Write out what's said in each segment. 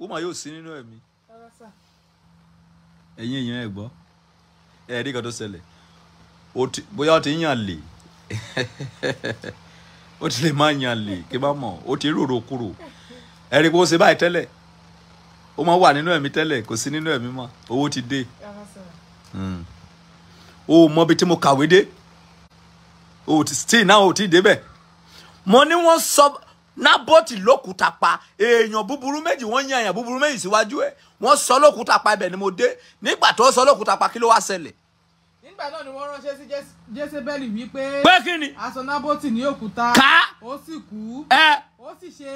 woman yóò sí nínú ẹ̀mí ẹ̀yin èèyàn ẹ̀ gbọ́ ẹ̀ rí kan tó ṣẹlẹ̀ bóyá ó ti yàn lè ó ti lè máa yàn lè kí bá mọ̀ ó ti rorò kúrò ẹ̀ rí pé ó ṣe báyìí tẹ́lẹ̀ ó máa wà nínú ẹ̀mí tẹ́lẹ̀ kò sí nínú ẹ̀mí mọ́ owó ti dé hmm. o mọ ibi tí mo kàwé dé o ti still náà o ti débẹ̀ mo ní wọ́n sọ. So nábọ́tì lókùúta pa èèyàn búburú méjì wọ́n yan èèyàn búburú méjì síwájú ẹ̀ wọ́n sọ lókùúta pa ibẹ̀ ni mo dé nígbà tó sọ lókùúta pa kí ló wá ṣẹlẹ̀. nígbà náà ni wọ́n ránṣẹ́ sí jésébẹ́lì wípé pé kí ni aṣọ nábọ́tì ní òkúta ká ó sì kú ó sì ṣe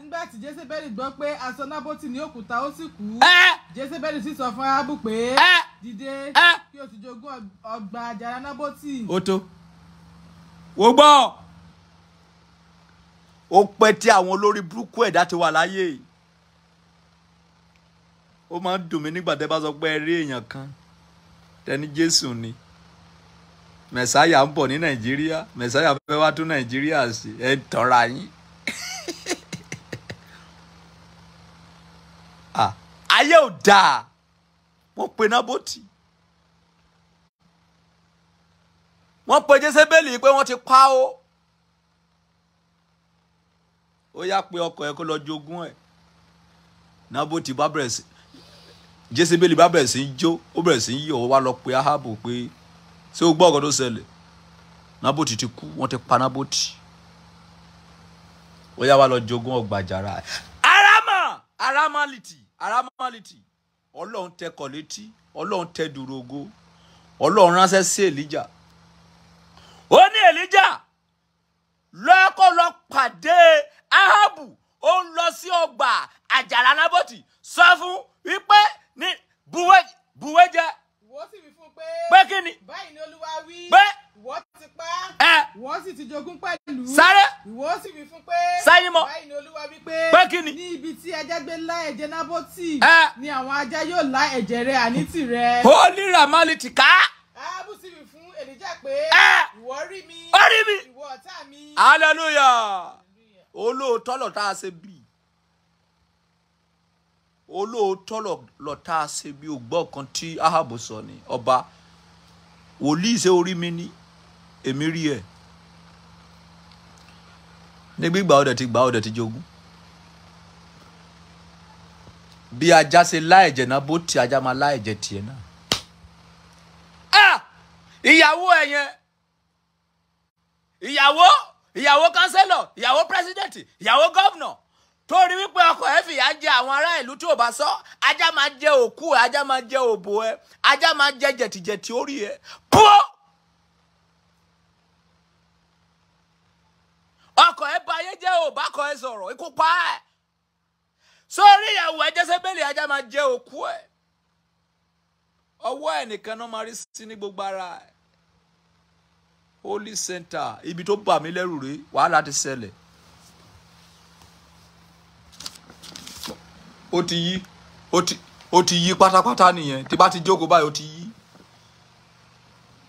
nígbà tí jésébẹ́lì gbọ́ pé aṣọ nábọ́tì ní òkúta ó sì kú jésébẹ́lì sì sọ fún arábù pé dìde kí o sì jogún ọgbà àjàrà nábọ́tì. ó tó wo gbọ́ ó pẹ́ tí àwọn olórí burúkú ẹ̀dá ti wà láyé ó máa ń dùn mí nígbà tẹ́ bá sọ pé ẹ rí èèyàn kan tẹni Jésù ni mẹ̀sáyà ń bọ̀ ní Nàìjíríà mẹ̀sáyà fẹ́ wá tún Nàìjíríà sí ẹ ń tọ́ra yín. ayé ò dáa wọ́n pe nábòtì wọ́n pe Jésébélì pé wọ́n ti pa ó ó yá pé ọkọ ẹ kó lọ jogún ẹ nábòtì bá bẹ̀rẹ̀ sí jésébélì bá bẹ̀rẹ̀ sí í jó ó bẹ̀rẹ̀ sí í yọ̀ ó wá lọ pe ahabu pé ṣé o gbọ́ ọ̀gọ́ tó ṣẹlẹ̀ nábòtì ti kú wọ́n ti pa nábòtì ó yá wá lọ jogún ọgbà àjàrà arama aramaliti aramaliti ọlọ́run tẹ kọ̀ létí ọlọ́run tẹ dùrò ògo ọlọ́run ránṣẹ́ sí èlíjà ó ní èlíjà lọ́kọ́ lọ pàdé àjàlá nábòtì sọ fún wípé ní buwé buwé jẹ. wọ́n sì wí fún pé pé kí ni. báyìí ni olúwa wí. pé wọ́n ti pa. ẹ wọ́n sì ti jogún pẹ̀lú. sáré. ìwọ sì wí fún pé. sáyé mọ. báyìí ni olúwa wí pé. pé kí ni. ní ibi tí ajá gbé lá ẹ̀jẹ̀ nábòtì. ẹ ni àwọn ajá yóò lá ẹ̀jẹ̀ rẹ̀ àní tìrẹ. ó ní ramali ti ká. ábù sì wí fún èlíjà pé. ẹ ìwọ rí mi. ó rí mi. ìwọ ọ̀tá mi. hallelujah olóòótọ́ lọ́ta ṣe bíi olóòótọ́ lọ tá a ṣe bí o gbọ́ kan tí ahabu sọ ni ọba wòlíì ṣe orí mi ní èmi rí ẹ̀ ní gbígbà ọdẹ ti gbà ọdẹ ti jogún bí ajá ṣe láìjẹ náà bó ti ajá máa láìjẹ tiẹ̀ náà ah! ìyàwó ẹ̀ yẹn ìyàwó ìyàwó kánsẹ́lọ̀ ìyàwó pírẹsidẹ̀ntì ìyàwó gọ́vnọ̀ torí wípé ọkọ ẹ fìyà jẹ àwọn ará ìlú tí ò bá sọ ajá máa jẹ òkú ẹ ajá máa jẹ òbò ẹ ajá máa jẹ jẹtìjẹtì orí ẹ pọ. ọkọ ẹ bá ayé jẹ òbá kọ ẹ sọ̀rọ̀ ikú pa ẹ sórí ìyàwó ẹ jẹsẹ bẹẹlí ajá máa jẹ òkú ẹ ọwọ́ ẹ nìkan náà máa rí sí ní gbogbo ara ẹ holy center ibi tó bà mí lẹ́rù rèé wàhálà ti ṣẹlẹ̀. ó ti yí ó ti yí pátápátá nìyẹn tí bá ti jókòó báyìí ó ti yí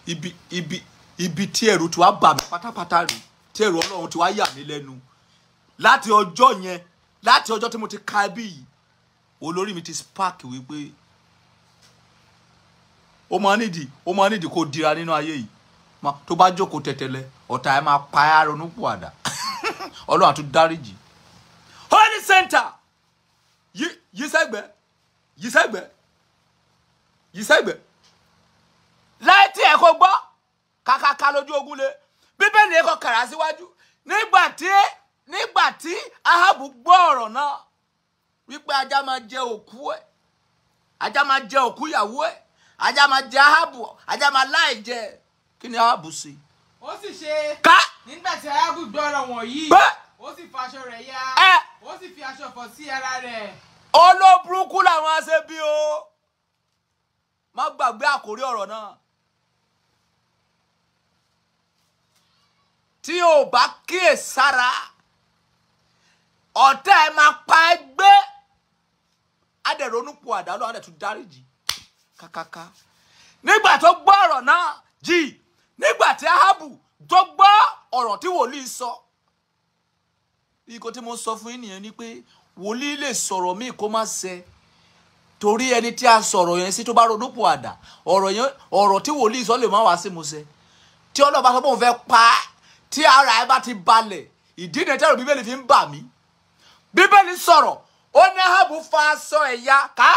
ibi ibi ibi tí ẹ̀rù tí wàá bà mí pátápátá rèé tí ẹ̀rù Ọlọ́run tí wàá yà mí lẹ́nu láti ọjọ́ yẹn láti ọjọ́ tí mo ti ka ẹbí yìí olórí mi ti spark wípé ó máa nídìí ó máa nídìí kó dira nínú ayé yìí tó bá jókòó tẹ̀tẹ̀lẹ̀ ọ̀tá ẹ máa pa ẹ́ ronú pọ̀ àdá Ọlọ́run á dáríjì Holy Center yí yí sẹ́gbẹ́ yí sẹ́gbẹ́ yí sẹ́gbẹ́ láì tí ẹ̀ kó gbọ́ kàkàkà lójú ogun le bíbélì kọ kàrà síwájú nígbà tí nígbà tí ahabu gbọ́ ọ̀rọ̀ náà wípé ajá máa jẹ òkú ẹ̀ ajá máa jẹ òkú ìyàwó ẹ̀ ajá máa jẹ ahabu ajá máa láì jẹ kí ni ahabu ṣe. ó sì ṣe. ká nígbà tí ahabu gbọ́ ọ̀rọ̀ wọ̀nyí. bẹ́ẹ̀ ó sì faṣọ rẹ̀ ya ó sì fi aṣọ fọ̀ sí ara rẹ̀. olóburúkú làwọn aṣẹ bí o má gbàgbé àkórí ọ̀rọ̀ náà tí o bá kíyè sára ọ̀tá ẹ̀ máa pa ẹ́ gbé adẹ̀rọ̀nùpọ̀ àdálù àwọn ẹ̀tún dáríjì kákáká nígbà tó gbọ́ ọ̀rọ̀ náà jì nígbà tí ahabu tó gbọ́ ọ̀rọ̀ tí wòlíì sọ. So ikọ̀ tí mo sọ fún yín nìyẹn ni pé wòlíì lè sọ̀rọ̀ míì kó má ṣẹ torí ẹni tí a sọ̀rọ̀ yẹn sí tó bá ronúpò àdá ọ̀rọ̀ tí wòlíì sọ lè má wá sí musẹ tí ọlọ́ba sọ pé òun fẹ́ pa tí ara ẹ bá ti balẹ̀ ìdí ni ẹjẹ́ rò bíbélì fi ń bà mí bíbélì sọ̀rọ̀ ó ní ààbò fa aṣọ ẹ̀yà ká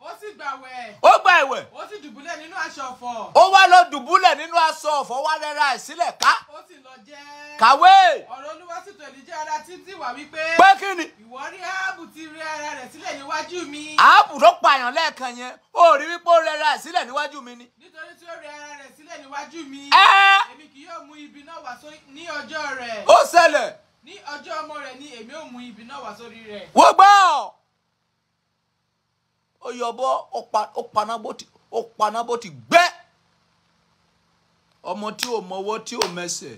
ó sì gbàwẹ̀. ó gba ìwẹ̀. ó sì dùbúlẹ̀ nínú aṣọ ọ̀fọ̀. ó wá lọ dùbúlẹ̀ nínú aṣọ ọ̀fọ̀ wá rẹ́ra ẹ̀ sílẹ̀ ká. ó sì lọ jẹ́. kàwé. ọ̀rọ̀ olúwa sì tò ní jẹ́ ara títí wà wípé. pé kí ni. ìwọ rí áàbù ti rẹ ara rẹ̀ sílẹ̀ níwájú mi. áàbù ló pààyàn lẹ́ẹ̀kan yẹn ó rí wípé ó rẹra ẹ̀ sílẹ̀ níwájú mi ni. nítorí tí ó rẹ ara rẹ̀ sílẹ̀ níwájú mi. ẹ́ẹ́. èmi kì yóò mú ibi náà wá ní ọjọ́ rẹ̀. ó ṣẹlẹ̀. ní ọjọ́ ọmọ rẹ̀ ni èmi ò mú ibi náà wá sórí rẹ̀. wọ́n gbọ́ ó yọbọ ó paná bó ti ó paná bó ti gbẹ ọmọ tí ò mọwọ́ tí ò mẹsẹ̀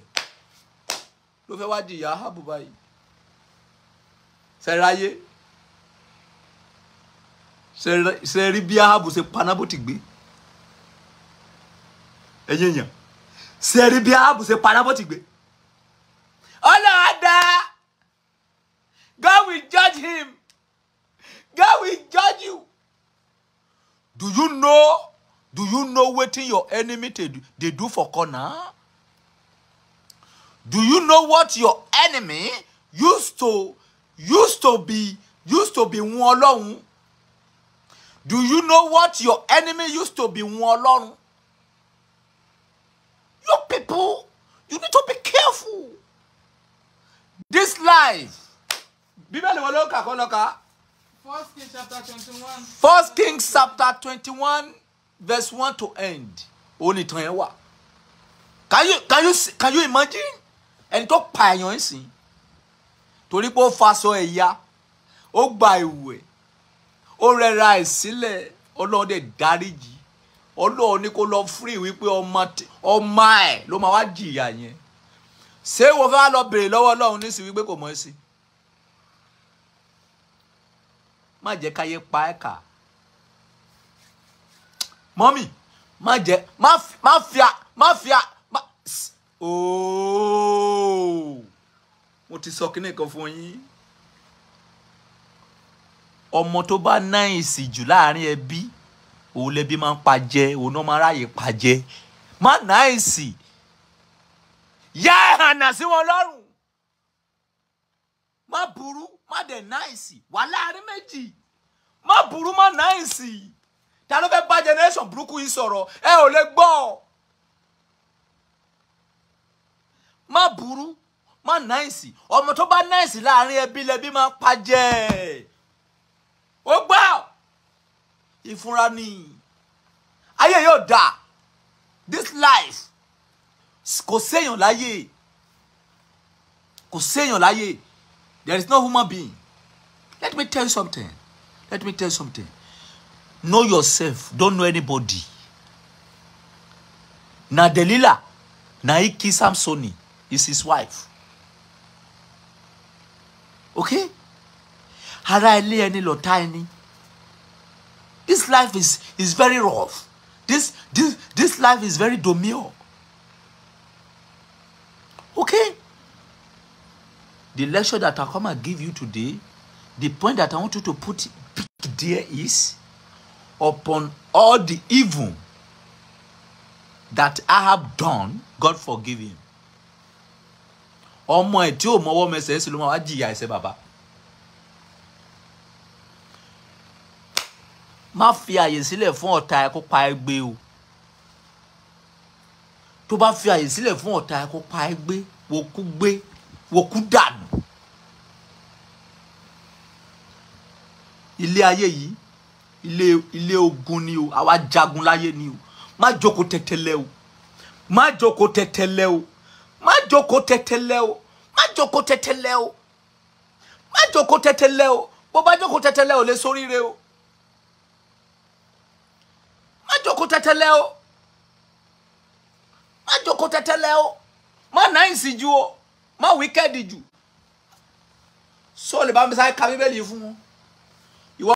ló fẹ́ wá di ìyá ààbò báyìí sẹ́ráyé sẹ́rí bí ààbò ṣe paná bó ti gbé ẹ̀yìn èèyàn sẹ́rí bí ààbò ṣe paná gbé ọlọ́ọ̀dà God will judge him God will do you know do you know wetin your enemy dey do for corner do you know what your enemy used to used to be used to be wọn Ọlọ́run do you know what your enemy used to be wọn Ọlọ́run you people you need to be careful this life bíbélì wọn ló kà kọ́ lọ́ka First Kings chapter 21. First verse 1 to end. Ó ní ìtàn Can you can you can you imagine? Ẹni tó pa èèyàn ń sìn. Torí pé ó faṣọ ẹ̀yà. Ó gba ìwẹ̀. Ó rẹra ẹ̀ sílẹ̀. Ọlọ́run dẹ̀ dáríjì. Ọlọ́run ní kó lọ free wípé ọmọ ẹ̀ ló Se wá jìyà yẹn. Ṣé wo fẹ́ wá lọ bèrè lọ́wọ́ Ọlọ́run nísìnyí wípé kò mọ̀ ẹ́ má jẹ́ káyé pa ẹ́ kà mọ́mì má jẹ́ má fi à má fi à má ooo mo ti sọ kíní kan fún yín ọmọ tó bá náìsì jù láàrin ẹbí òun lẹbí máa ń pajẹ òun náà máa ráàyè pajẹ má náìsì yá ẹ̀hànà sí wọn lọ́rùn má burú má dẹ̀ náìsì wà láàrin méjì má burú má náìsì ta ló fẹ́ bá generation burúkú yìí sọ̀rọ̀ ẹ ò lè gbọ́ má burú má náìsì ọmọ tó bá náìsì láàrin ẹbí lẹbí máa pa jẹ ó gbọ́ ìfúnra ni ayé yóò dà this life kò séèyàn láyé kò séèyàn láyé There is no human being. Let me tell you something. Let me tell you something. Know yourself. Don't know anybody. Na Delilah, na he kiss Samsoni, is his wife. Okay? Ara ilé ẹni lọ̀tá ẹni. This life is is very rough. This this this life is very domio. Okay? the lecture that I come and give you today, the point that I want you to put there is upon all the evil that I have done, God forgive him. ọmọ ẹ tí ò mọwọ́ mẹsẹ̀ ẹsẹ̀ ló máa wá jìyà ẹsẹ̀ bàbá. má fi àyè sílẹ̀ fún ọ̀tá ẹ pa ẹ gbé o tó bá fi àyè sílẹ̀ fún ọ̀tá ẹ kó pa ẹ gbé wò kú gbé wòkú dànù ilé ayé yìí ilé ilé ogun ni o àwa jagun láyé ni o má jókòó tẹ̀tẹ̀lẹ̀ o má jókòó tẹ̀tẹ̀lẹ̀ o má jókòó tẹ̀tẹ̀lẹ̀ o má jókòó tẹ̀tẹ̀lẹ̀ o má jókòó tẹ̀tẹ̀lẹ̀ o bó bá jókòó tẹ̀tẹ̀lẹ̀ o lè ṣoríire o má jókòó tẹ̀tẹ̀lẹ̀ o má jókòó tẹ̀tẹ̀lẹ̀ o má náà ìsìnjú o má wíkẹ́ẹ̀dì jù sóòlù bá mi sáré ka bíbélì fún wọn.